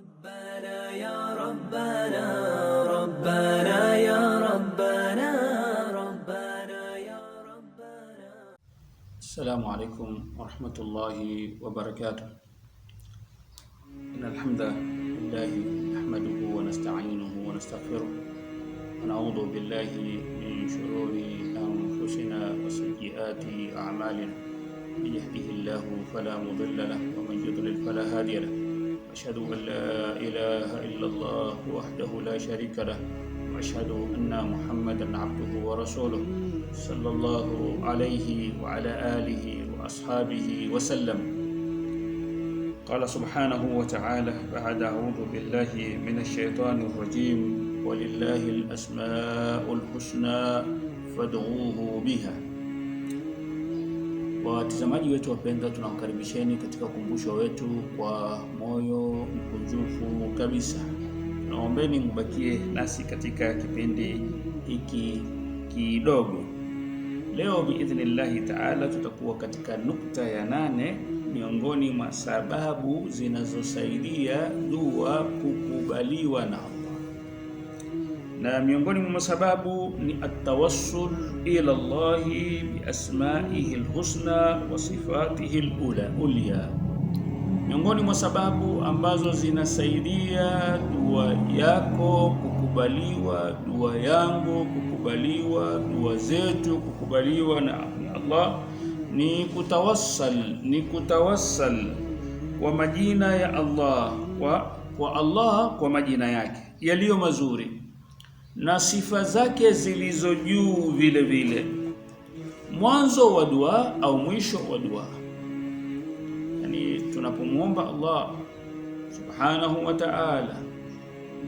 ربنا يا ربنا ربنا يا ربنا ربنا يا ربنا السلام عليكم ورحمة الله وبركاته إن الحمد لله نحمده ونستعينه ونستغفره ونعوذ بالله من شرور أنفسنا وسيئات أعمالنا من يهده الله فلا مضل له ومن يضلل فلا هادي له أشهد أن لا إله إلا الله وحده لا شريك له وأشهد أن محمدا عبده ورسوله صلى الله عليه وعلى آله وأصحابه وسلم قال سبحانه وتعالى بعد أعوذ بالله من الشيطان الرجيم ولله الأسماء الحسنى فادعوه بها Watazamaji wetu wapendwa, tunawakaribisheni katika ukumbusho wetu kwa moyo mkunjufu kabisa. naombeni mbakie nasi katika kipindi hiki kidogo. Leo biidhnillahi taala tutakuwa katika nukta ya nane miongoni mwa sababu zinazosaidia dua kukubaliwa nao na miongoni mwa sababu ni atawassul ila Allah biasmaihi lhusna wa sifatihi alulya. Miongoni mwa sababu ambazo zinasaidia dua yako kukubaliwa, dua yangu kukubaliwa, dua zetu kukubaliwa na Allah ni kutawassal, ni kutawassal kwa majina ya Allah, kwa, kwa Allah kwa majina yake yaliyo mazuri na sifa zake zilizo juu vile vile. Mwanzo wa dua au mwisho wa dua, yani tunapomwomba Allah subhanahu wa ta'ala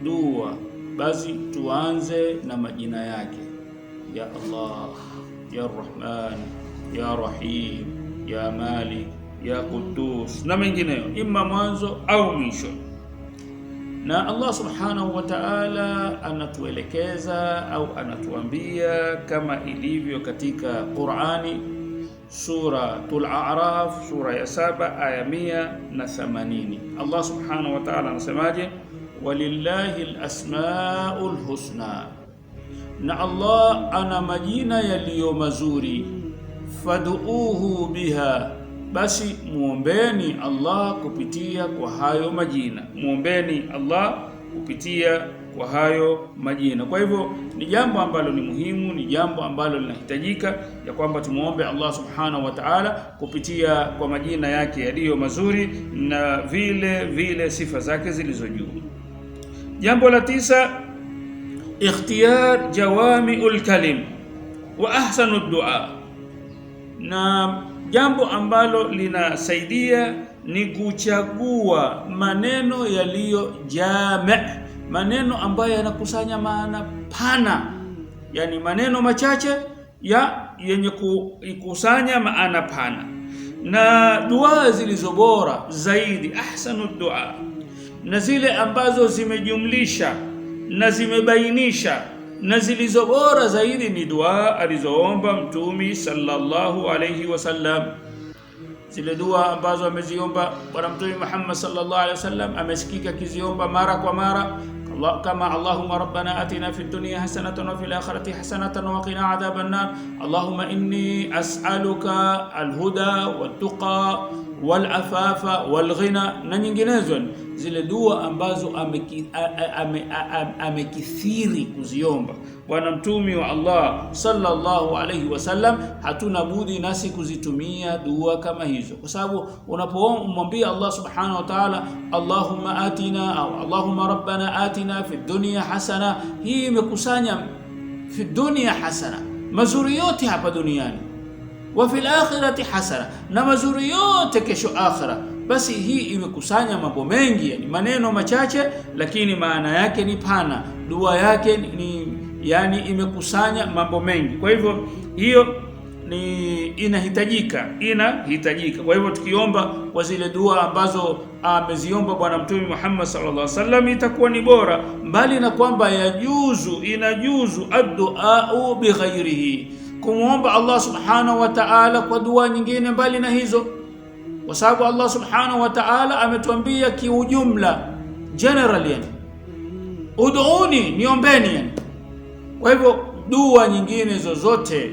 dua, basi tuanze na majina yake, ya Allah, ya Rahman, ya Rahim, ya Malik, ya Quddus na mengineyo, imma mwanzo au mwisho. Na Allah subhanahu wa ta'ala anatuelekeza au anatuambia kama ilivyo katika Qur'ani Suratul A'raf sura ya saba aya mia na themanini. Allah subhanahu wa ta'ala anasemaje? Walillahi al-asmaul husna, na Allah ana majina yaliyo mazuri, fad'uuhu biha basi muombeni Allah kupitia kwa hayo majina, muombeni Allah kupitia kwa hayo majina. Kwa hivyo ni jambo ambalo ni muhimu, ni jambo ambalo linahitajika ya kwamba tumuombe Allah subhanahu wa ta'ala kupitia kwa majina yake yaliyo mazuri na vile vile sifa zake zilizo juu. Jambo la tisa, ikhtiyar jawamiul kalim wa ahsanu dua na Jambo ambalo linasaidia ni kuchagua maneno yaliyo jame, maneno ambayo yanakusanya maana pana, yaani maneno machache ya yenye kukusanya maana pana. Na dua zilizo bora zaidi, ahsanu dua, na zile ambazo zimejumlisha na zimebainisha na zilizo bora zaidi ni dua alizoomba Mtume sallallahu alayhi wasallam, zile dua ambazo ameziomba Bwana Mtume Muhammad sallallahu alayhi wasallam amesikika akiziomba mara kwa mara kama Allahumma rabbana atina fid dunya hasanatan wa fil akhirati hasanatan wa qina adhaban nar Allahumma inni as'aluka alhuda wat tuqa wal afafa na nyinginezo, zile dua ambazo amekithiri kuziomba Bwana Mtumi wa Allah sallallahu alayhi wasallam, hatuna budi nasi kuzitumia dua kama hizo, kwa sababu unapomwambia Allah subhanahu wa ta'ala, Allahumma atina au Allahumma rabbana atina fi dunya hasana, hii imekusanya fi dunya hasana, mazuri yote hapa duniani wa fil akhirati hasana, na mazuri yote kesho akhira. Basi hii imekusanya mambo mengi, yani maneno machache, lakini maana yake ni pana, dua yake ni yani imekusanya mambo mengi. Kwa hivyo hiyo ni inahitajika, inahitajika. Kwa hivyo tukiomba kwa zile dua ambazo ah, ameziomba Bwana Mtume Muhammad sallallahu alaihi wasallam itakuwa ni bora, mbali na kwamba yajuzu, inajuzu adduau bighairihi kumwomba Allah subhanahu wa ta'ala kwa dua nyingine mbali na hizo, kwa sababu Allah subhanahu wa ta'ala ametuambia kiujumla, general yani, ud'uni, niombeni yani. Kwa hivyo dua nyingine zozote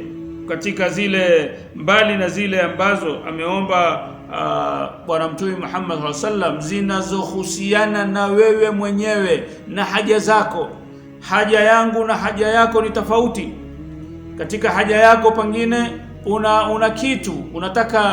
katika zile mbali na zile ambazo ameomba Uh, Bwana Mtume Muhammad sallallahu alaihi wasallam zinazohusiana na wewe mwenyewe na haja zako. Haja yangu na haja yako ni tofauti katika haja yako, pengine una una kitu unataka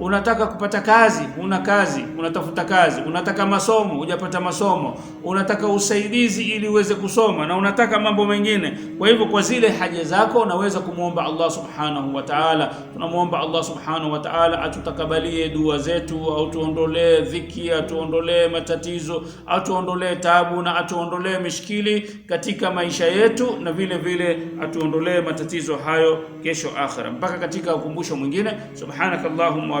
unataka kupata kazi, una kazi, unatafuta kazi, unataka masomo, hujapata masomo, unataka usaidizi ili uweze kusoma na unataka mambo mengine. Kwa hivyo, kwa zile haja zako unaweza kumwomba Allah subhanahu wa ta'ala. Tunamwomba Allah subhanahu wa ta'ala atutakabalie dua zetu, atuondolee dhiki, atuondolee matatizo, atuondolee tabu na atuondolee mishkili katika maisha yetu, na vile vile atuondolee matatizo hayo kesho akhira, mpaka katika ukumbusho mwingine. subhanakallahumma